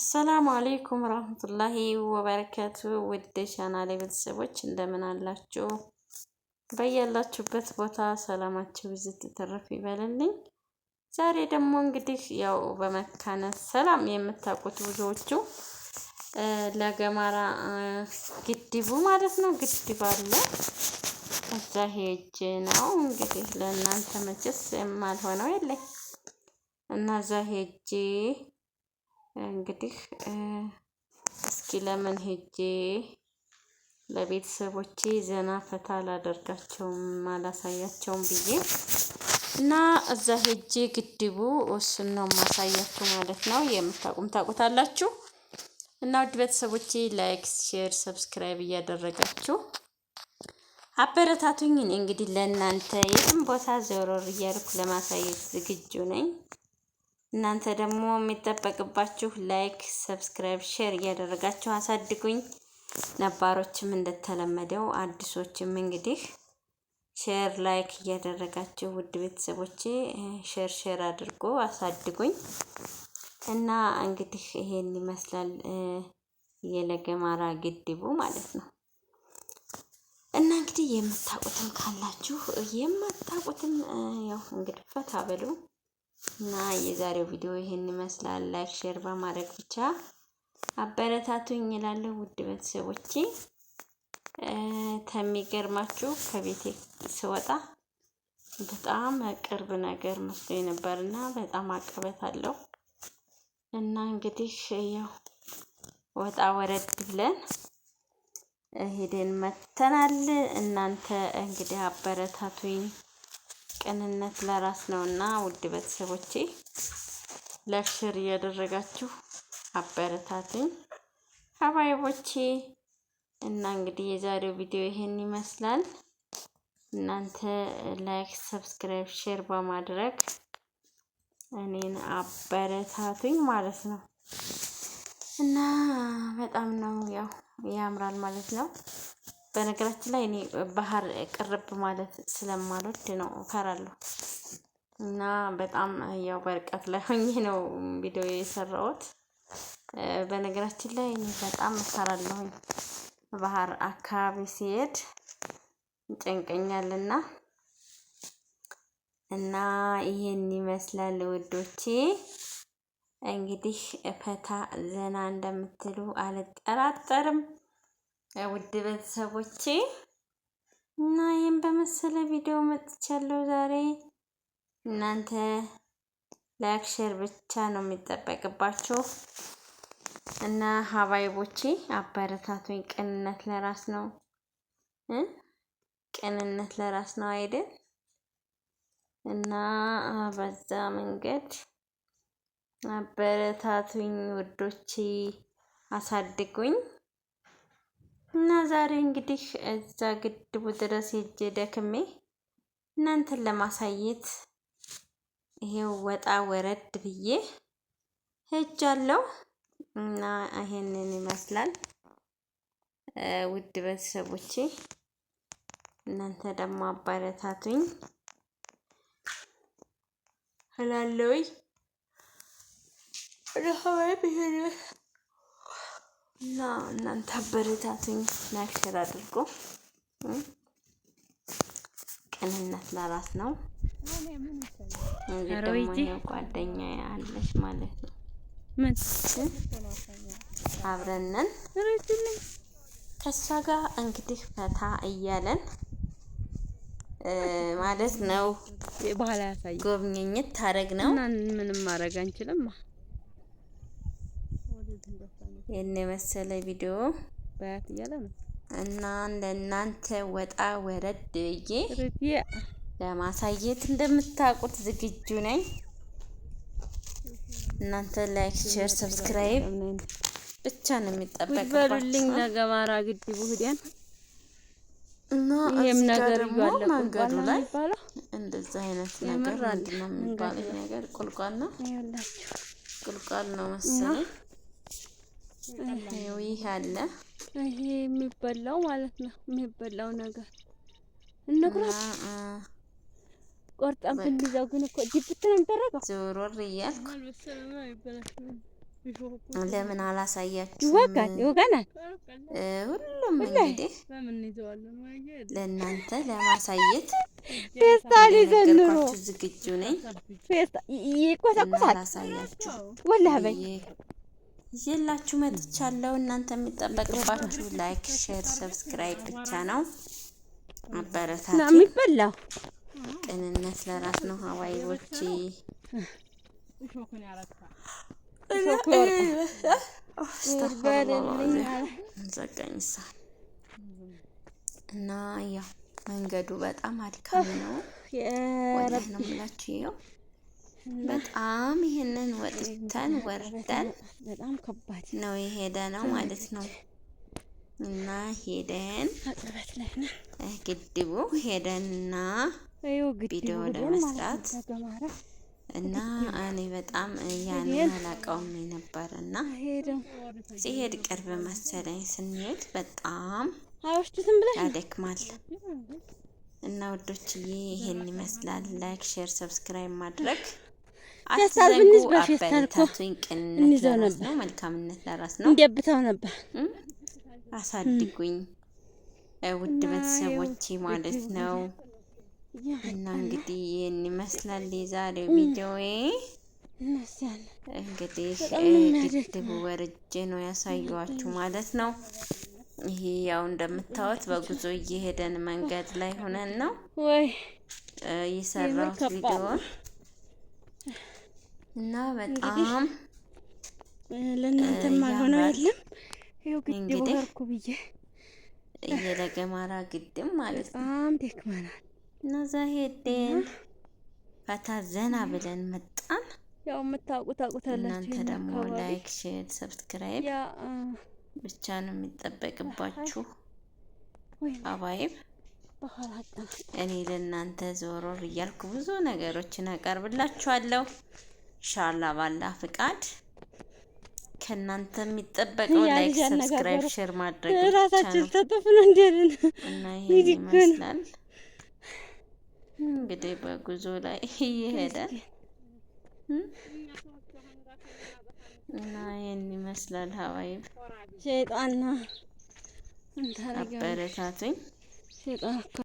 አሰላሙ አሌይኩም ረህመቱላሂ ወበረከቱ። ውድ ቻናሌ ቤተሰቦች እንደምን አላችሁ? በያላችሁበት ቦታ ሰላማችሁ ብዝት ትርፍ ይበልልኝ። ዛሬ ደግሞ እንግዲህ ያው በመካነ ሰላም የምታውቁት ብዙዎቹ ለገማራ ግድቡ ማለት ነው ግድብ አለ እዛ ሄጄ ነው እንግዲህ ለእናንተ መቼስ የማልሆነው የለኝ እና እዛ ሄጄ እንግዲህ እስኪ ለምን ሄጄ ለቤተሰቦቼ ዘና ፈታ አላደርጋቸውም አላሳያቸውም ብዬ እና እዛ ሄጄ ግድቡ እሱን ነው ማሳያችሁ ማለት ነው። የምታቁም ታቁታላችሁ። እና ውድ ቤተሰቦቼ ላይክ፣ ሼር፣ ሰብስክራይብ እያደረጋችሁ አበረታቱኝ። እኔ እንግዲህ ለእናንተ የትም ቦታ ዞሮር እያልኩ ለማሳየት ዝግጁ ነኝ። እናንተ ደግሞ የሚጠበቅባችሁ ላይክ፣ ሰብስክራይብ፣ ሼር እያደረጋችሁ አሳድጉኝ። ነባሮችም እንደተለመደው አዲሶችም እንግዲህ ሼር ላይክ እያደረጋችሁ ውድ ቤተሰቦቼ ሼር ሼር አድርጎ አሳድጉኝ እና እንግዲህ ይሄን ይመስላል የለገማራ ግድቡ ማለት ነው። እና እንግዲህ የምታውቁትም ካላችሁ የማታውቁትም ያው እንግዲህ ፈታ በሉ። እና የዛሬው ቪዲዮ ይህን ይመስላል። ላይክ ሼር በማድረግ ብቻ አበረታቱኝ እላለሁ። ውድ ቤተሰቦቼ ተሚገርማችሁ ከቤቴ ስወጣ በጣም ቅርብ ነገር መስሎ ነበር እና በጣም አቀበት አለው እና እንግዲህ ያው ወጣ ወረድ ብለን ሄደን መተናል። እናንተ እንግዲህ አበረታቱኝ። ቅንነት ለራስ ነውና ውድ ቤተሰቦቼ ለሽር እያደረጋችሁ አበረታትኝ አባይቦቼ እና እንግዲህ የዛሬው ቪዲዮ ይሄን ይመስላል። እናንተ ላይክ፣ ሰብስክራይብ፣ ሼር በማድረግ እኔን አበረታቱኝ ማለት ነው እና በጣም ነው ያው ያምራል ማለት ነው። በነገራችን ላይ እኔ ባህር ቅርብ ማለት ስለማልወድ ነው፣ እፈራለሁ እና በጣም ያው በርቀት ላይ ሆኜ ነው ቪዲዮ የሰራሁት። በነገራችን ላይ እኔ በጣም እፈራለሁኝ ባህር አካባቢ ሲሄድ ይጨንቀኛልና እና ይሄን ይመስላል ውዶቼ። እንግዲህ ፈታ ዘና እንደምትሉ አልጠራጠርም። ውድ ቤተሰቦቼ እና ይህም በመሰለ ቪዲዮ መጥቻለሁ ዛሬ። እናንተ ላይክ ሼር ብቻ ነው የሚጠበቅባችሁ እና ሀባይቦቼ አበረታቱኝ። ቅንነት ለራስ ነው፣ ቅንነት ለራስ ነው አይደል? እና በዛ መንገድ አበረታቱኝ ውዶቼ፣ አሳድጉኝ። እና ዛሬ እንግዲህ እዛ ግድቡ ድረስ ሄጄ ደክሜ እናንተን ለማሳየት ይሄው ወጣ ወረድ ብዬ ሄጃለሁ እና ይሄንን ይመስላል ውድ ቤተሰቦቼ እናንተ ደግሞ አባረታቱኝ እላለሁኝ። እና እናንተ አበረታቱኝ። ናክሸር አድርጎ ቅንነት ለራስ ነው። ጓደኛ አለች ማለት ነው። አብረነን ከእሷ ጋር እንግዲህ ፈታ እያለን ማለት ነው። ባህላ ያሳይ ጎብኝኝት ታረግ ነው። ምንም ማድረግ አንችልም። ይህን የመሰለ ቪዲዮ ባያት እያለ ነው እና ለእናንተ ወጣ ወረድ ብዬ ለማሳየት እንደምታውቁት ዝግጁ ነኝ። እናንተ ላይክ፣ ሼር፣ ሰብስክራይብ ብቻ ነው የሚጠበቅበሉልኝ። ነገ ማራ ግድቡ እና ይህም ነገር እያለ መንገዱ ላይ እንደዛ አይነት ነገር የሚባለው ነገር ቁልቋል ነው ቁልቋል ነው መሰለኝ ይኸው ይህ አለ ይሄ የሚበላው ማለት ነው። የሚበላው ነገር እንቁራስ ቆርጠን ብንይዘው ግን እኮ ጅብት ነው የሚደረገው። ዞሮር እያልኩ ለምን አላሳያችሁ? ይወጋል ይወጋናል። ሁሉም እንግዲህ ለእናንተ ለማሳየት ፌስታል ይዘን ኑሮ ዝግጁ ነኝ። ይቆሰቁሳል ወላህ በይ የላችሁ መጥቻለሁ። እናንተ የሚጠበቅባችሁ ላይክ፣ ሼር፣ ሰብስክራይብ ብቻ ነው። አበረታችሁ የሚበላው ቅንነት ለራስ ነው። ሀዋይዎች ዘጋኝሳ እና ያው መንገዱ በጣም አድካሚ ነው። ወላሂ ነው የምላችሁ ይኸው በጣም ይሄንን ወጥተን ወርደን በጣም ከባድ ነው የሄደ ነው ማለት ነው። እና ሄደን ግድቡ ሄደንና ቪዲዮ ለመስራት እና እኔ በጣም ያንን አላውቀውም ነበር። እና ሲሄድ ቅርብ መሰለኝ፣ ስንሄድ በጣም አውሽቱትም ብለሽ ያደክማል። እና ወዶችዬ ይሄን ይመስላል። ላይክ፣ ሼር፣ ሰብስክራይብ ማድረግ አትዘንጉ። አበረታቱኝ። ቅንነት ለራስ ነበር። መልካምነት ለራስ ነው። እንዲያብታው ነበር አሳድጉኝ ውድ ቤተሰቦቼ ማለት ነው። እና እንግዲህ ይህን ይመስላል የዛሬው ቪዲዮዬ። እንግዲህ ግድቡ ወርጄ ነው ያሳየኋችሁ ማለት ነው። ይሄ ያው እንደምታዩት በጉዞ እየሄደን መንገድ ላይ ሆነን ነው ወይ የሰራሁት ቪዲዮ እና በጣም ለእናንተም አልሆነው የለም እንግዲህ እየለገማራ ግድም ማለት ነው። በጣም ደክመናል እና እዛ ሄደን ፈታ ዘና ብለን መጣን። ያው የምታውቁ ታውቁታላችሁ። እናንተ ደግሞ ላይክ፣ ሼር፣ ሰብስክራይብ ብቻ ነው የሚጠበቅባችሁ። አባይብ እኔ ለእናንተ ዞሮ እያልኩ ብዙ ነገሮችን አቀርብላችኋለሁ። ኢንሻላ ባላ ፍቃድ ከእናንተ የሚጠበቀው ላይክ፣ ሰብስክራይብ፣ ሼር ማድረግ ራሳችን ተጠፍነ እንዲያለን እና ይሄን ይመስላል እንግዲህ በጉዞ ላይ ይሄዳል እና ይህን ይመስላል። ሀዋይብ ሸይጣና አበረታቱኝ።